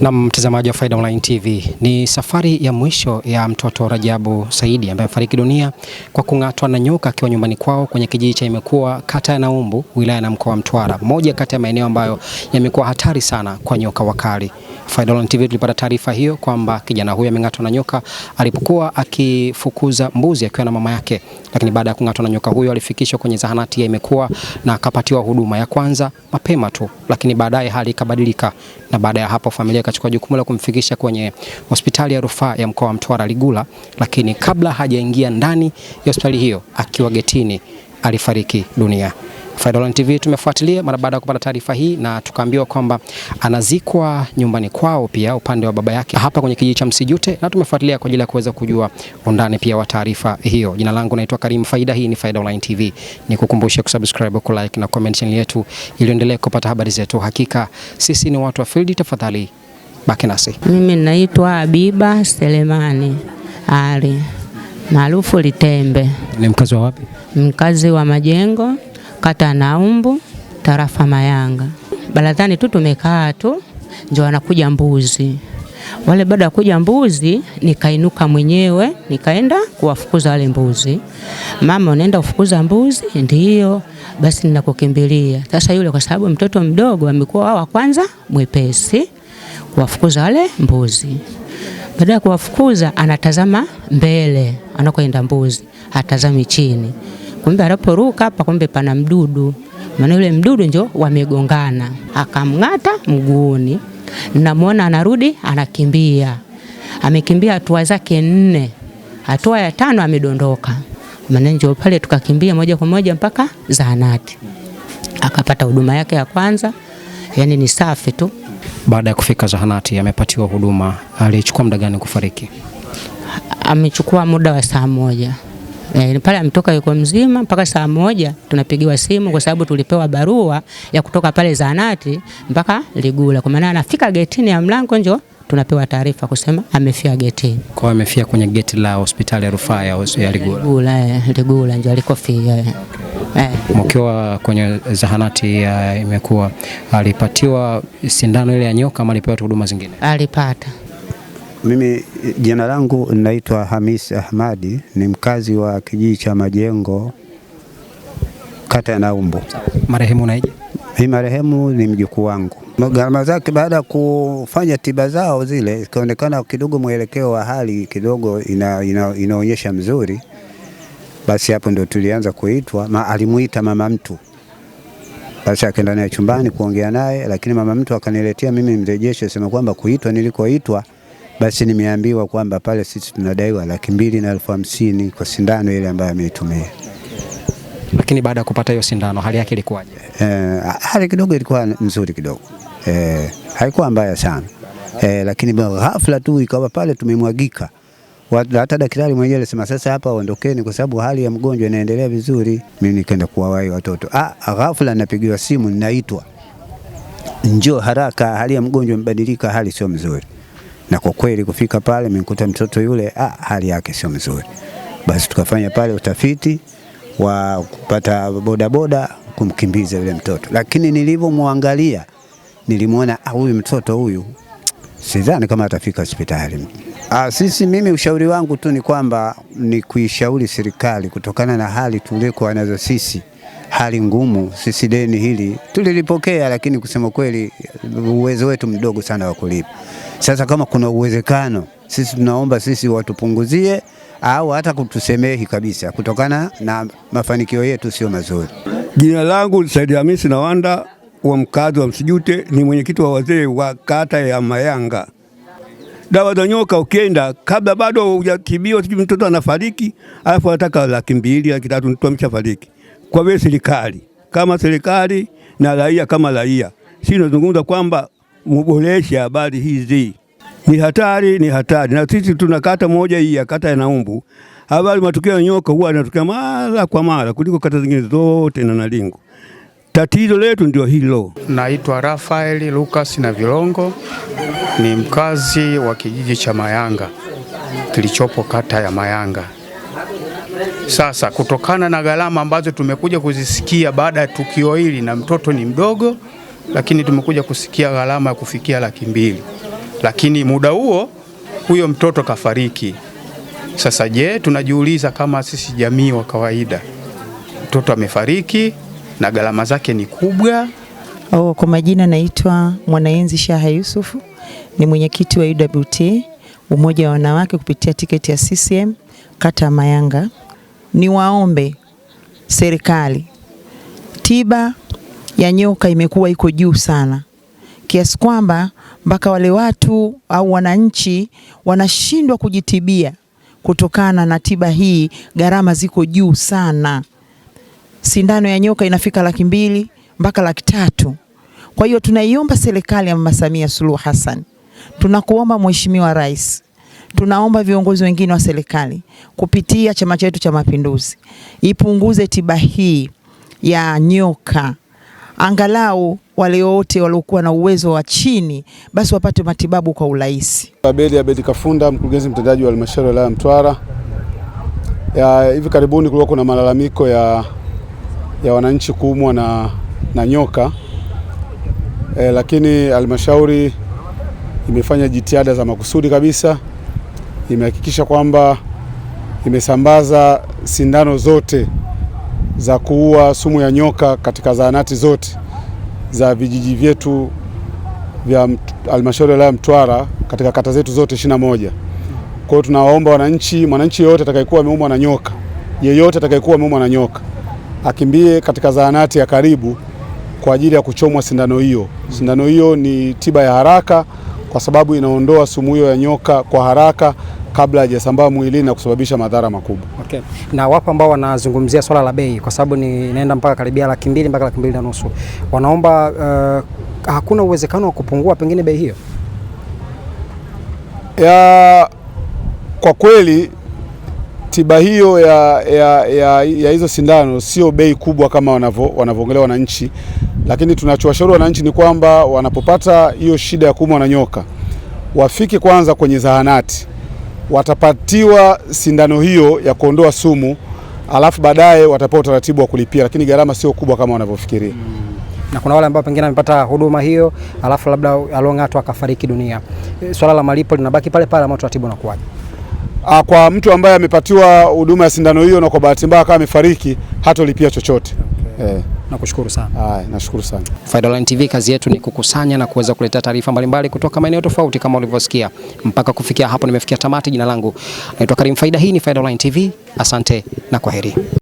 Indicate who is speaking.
Speaker 1: Na mtazamaji wa Faida Online TV, ni safari ya mwisho ya mtoto Rajabu Saidi ambaye amefariki dunia kwa kung'atwa na nyoka akiwa nyumbani kwao kwenye kijiji cha Imekuwa, kata ya Naumbu, wilaya na mkoa wa Mtwara, moja kati ya maeneo ambayo yamekuwa hatari sana kwa nyoka wakali. Faida Online TV tulipata taarifa hiyo kwamba kijana huyo ameng'atwa na nyoka alipokuwa akifukuza mbuzi akiwa na mama yake, lakini baada ya kung'atwa na nyoka huyo alifikishwa kwenye zahanati ya Imekuwa na akapatiwa huduma ya kwanza mapema tu, lakini baadaye hali ikabadilika, na baada ya hapo familia ikachukua jukumu la kumfikisha kwenye hospitali ya rufaa ya mkoa wa Mtwara Ligula, lakini kabla hajaingia ndani ya hospitali hiyo, akiwa getini alifariki dunia. Faida Online TV tumefuatilia mara baada ya kupata taarifa hii na tukaambiwa kwamba anazikwa nyumbani kwao, pia upande wa baba yake hapa kwenye kijiji cha Msijute, na tumefuatilia kwa ajili ya kuweza kujua undani pia wa taarifa hiyo. Jina langu naitwa Karim Faida, hii ni Faida Online TV. Nikukumbushe kusubscribe, ku like na comment channel yetu ili endelee kupata habari zetu. Hakika sisi ni watu wa field, tafadhali baki nasi.
Speaker 2: Mimi naitwa Habiba Selemani Ali maarufu Litembe.
Speaker 1: Ni mkazi wa wapi?
Speaker 2: Mkazi wa Majengo kata Naumbu, tarafa Mayanga. Baladhani tu tumekaa tu, ndio wanakuja mbuzi wale. Baada ya kuja mbuzi, nikainuka mwenyewe nikaenda kuwafukuza wale mbuzi. Mama, unaenda kufukuza mbuzi? ndio Basi ninakukimbilia sasa. Yule kwa sababu mtoto mdogo amekuwa wa kwanza mwepesi kuwafukuza wale mbuzi. Baada ya kuwafukuza, anatazama mbele anakoenda mbuzi, hatazami chini kumbe aliporuka pakumbe pana mdudu, maana yule mdudu njo wamegongana, akamng'ata mguuni. Namwona anarudi anakimbia, amekimbia hatua zake nne, hatua ya tano amedondoka, maana njo pale tukakimbia moja kwa moja mpaka zahanati, akapata huduma yake ya kwanza, yani ni safi tu.
Speaker 1: Baada ya kufika zahanati, amepatiwa huduma. Alichukua muda gani kufariki?
Speaker 2: Amechukua muda wa saa moja. E, pale ametoka yuko mzima mpaka saa moja tunapigiwa simu kwa sababu tulipewa barua ya kutoka pale zahanati mpaka Ligula. Kwa maana anafika getini ya mlango njo tunapewa taarifa kusema amefia getini.
Speaker 1: Kwa amefia kwenye geti la hospitali ya rufaa ya, ya Ligula.
Speaker 2: Ligula, eh, Ligula njo alikofia. Eh.
Speaker 1: Eh. Mkiwa kwenye zahanati ya Imekuwa alipatiwa sindano ile ya nyoka ama alipewa huduma zingine?
Speaker 2: Alipata.
Speaker 3: Mimi jina langu naitwa Hamis Ahmadi, ni mkazi wa kijiji cha Majengo, kata ya Naumbu.
Speaker 1: Marehemu naje?
Speaker 3: Hii marehemu ni mjukuu wangu. Gharama zake baada ya kufanya tiba zao zile, ikaonekana kidogo mwelekeo wa hali kidogo ina, ina, inaonyesha mzuri, basi hapo ndo tulianza kuitwa ma, alimuita mama mtu basi akaenda naye chumbani kuongea naye, lakini mama mtu akaniletea mimi mrejeshe sema kwamba kuitwa nilikoitwa basi nimeambiwa kwamba pale sisi tunadaiwa laki mbili na elfu hamsini kwa sindano ile ambayo ameitumia.
Speaker 1: Lakini baada ya kupata hiyo sindano hali yake ilikuwaje?
Speaker 3: Eh, hali kidogo ilikuwa nzuri kidogo, eh, haikuwa mbaya sana eh, lakini ghafla tu ikawa pale tumemwagika hata daktari mwenyewe alisema sasa hapa ondokeni, kwa sababu hali ya mgonjwa inaendelea vizuri. Mimi nikaenda kuwawai watoto, ah, ghafla napigiwa simu, ninaitwa njoo haraka, hali ya mgonjwa imebadilika, hali sio mzuri na kwa kweli kufika pale nimekuta mtoto yule ah, hali yake sio mzuri. Basi tukafanya pale utafiti wa kupata bodaboda kumkimbiza yule mtoto, lakini nilivyomwangalia nilimwona ah, huyu mtoto huyu sidhani kama atafika hospitali. Ah, sisi mimi ushauri wangu tu ni kwamba ni kuishauri serikali kutokana na hali tuliko nazo sisi hali ngumu. Sisi deni hili tulilipokea, lakini kusema kweli uwezo wetu mdogo sana wa kulipa. Sasa kama kuna uwezekano, sisi tunaomba sisi watupunguzie au hata kutusemehi kabisa kutokana na mafanikio yetu sio mazuri.
Speaker 4: Jina langu ni Said Hamisi Nawanda wa mkazi wa Msijute, ni mwenyekiti wa wazee wa kata ya Mayanga. Dawa za nyoka ukienda kabla bado hujatibiwa, mtoto anafariki, alafu anataka laki mbili laki tatu, mtu ameshafariki kwa wewe serikali kama serikali na raia kama raia, si nazungumza kwamba muboreshe habari hizi. Ni hatari, ni hatari. Na sisi tuna kata moja hii ya kata ya Naumbu, habari matukio ya nyoka huwa yanatokea mara kwa mara kuliko kata zingine zote na Nalingu. Tatizo letu ndio hilo.
Speaker 5: Naitwa Rafaeli Lucas na Vilongo, ni mkazi wa kijiji cha Mayanga kilichopo kata ya Mayanga. Sasa kutokana na gharama ambazo tumekuja kuzisikia baada ya tukio hili, na mtoto ni mdogo, lakini tumekuja kusikia gharama ya kufikia laki mbili, lakini muda huo huyo mtoto kafariki. Sasa je, tunajiuliza kama sisi jamii wa kawaida, mtoto amefariki na gharama zake ni kubwa.
Speaker 6: Oh, kwa majina naitwa Mwanaenzi Shaha Yusufu, ni mwenyekiti wa UWT Umoja wa Wanawake kupitia tiketi ya CCM kata Mayanga niwaombe serikali, tiba ya nyoka imekuwa iko juu sana kiasi kwamba mpaka wale watu au wananchi wanashindwa kujitibia kutokana na tiba hii, gharama ziko juu sana. Sindano ya nyoka inafika laki mbili mpaka laki tatu. Kwa hiyo tunaiomba serikali ya Mama Samia Suluhu Hassan, tunakuomba Mheshimiwa Rais tunaomba viongozi wengine wa serikali kupitia chama chetu cha Mapinduzi ipunguze tiba hii ya nyoka, angalau wale wote waliokuwa na uwezo wa chini basi wapate matibabu kwa urahisi.
Speaker 7: Abedi Abedi Kafunda, mkurugenzi mtendaji wa halmashauri ya wilaya Mtwara. Ya, hivi karibuni kulikuwa kuna malalamiko ya, ya wananchi kuumwa na, na nyoka e, lakini halmashauri imefanya jitihada za makusudi kabisa imehakikisha kwamba imesambaza sindano zote za kuua sumu ya nyoka katika zahanati zote za vijiji vyetu vya halmashauri ya Mtwara katika kata zetu zote ishirini na moja. Kwa hiyo tunawaomba wananchi, mwananchi yeyote atakayekuwa ameumwa na nyoka, yeyote atakayekuwa ameumwa na nyoka akimbie katika zahanati ya karibu kwa ajili ya kuchomwa sindano hiyo. Sindano hiyo ni tiba ya haraka kwa sababu inaondoa sumu hiyo ya nyoka kwa haraka kabla hajasambaa mwilini na kusababisha madhara makubwa.
Speaker 1: Okay. Na wapo ambao wanazungumzia swala la bei kwa sababu inaenda mpaka karibia laki mbili mpaka laki mbili na nusu wanaomba uh, hakuna uwezekano wa kupungua pengine bei hiyo
Speaker 7: ya, kwa kweli tiba hiyo ya, ya, ya, ya hizo sindano sio bei kubwa kama wanavyoongelea wananchi, lakini tunachowashauri wananchi ni kwamba wanapopata hiyo shida ya kuumwa na nyoka wafike kwanza kwenye zahanati watapatiwa sindano hiyo ya kuondoa sumu, alafu baadaye watapewa utaratibu wa kulipia, lakini gharama sio kubwa kama wanavyofikiria Hmm.
Speaker 1: na kuna wale ambao pengine wamepata huduma hiyo alafu labda along'atu akafariki dunia, e, swala la malipo linabaki pale pale, ama utaratibu unakuwaje?
Speaker 7: Ah, kwa mtu ambaye amepatiwa huduma ya sindano hiyo na kwa bahati mbaya akawa amefariki, hatolipia chochote okay.
Speaker 1: Eh. Nakushukuru sana.
Speaker 7: Haya, nashukuru sana.
Speaker 1: Faida Online TV kazi yetu ni kukusanya na kuweza kuleta taarifa mbalimbali kutoka maeneo tofauti kama ulivyosikia. Mpaka kufikia hapo nimefikia tamati. Jina langu naitwa Karim Faida. Hii ni Faida Online TV. Asante na kwaheri.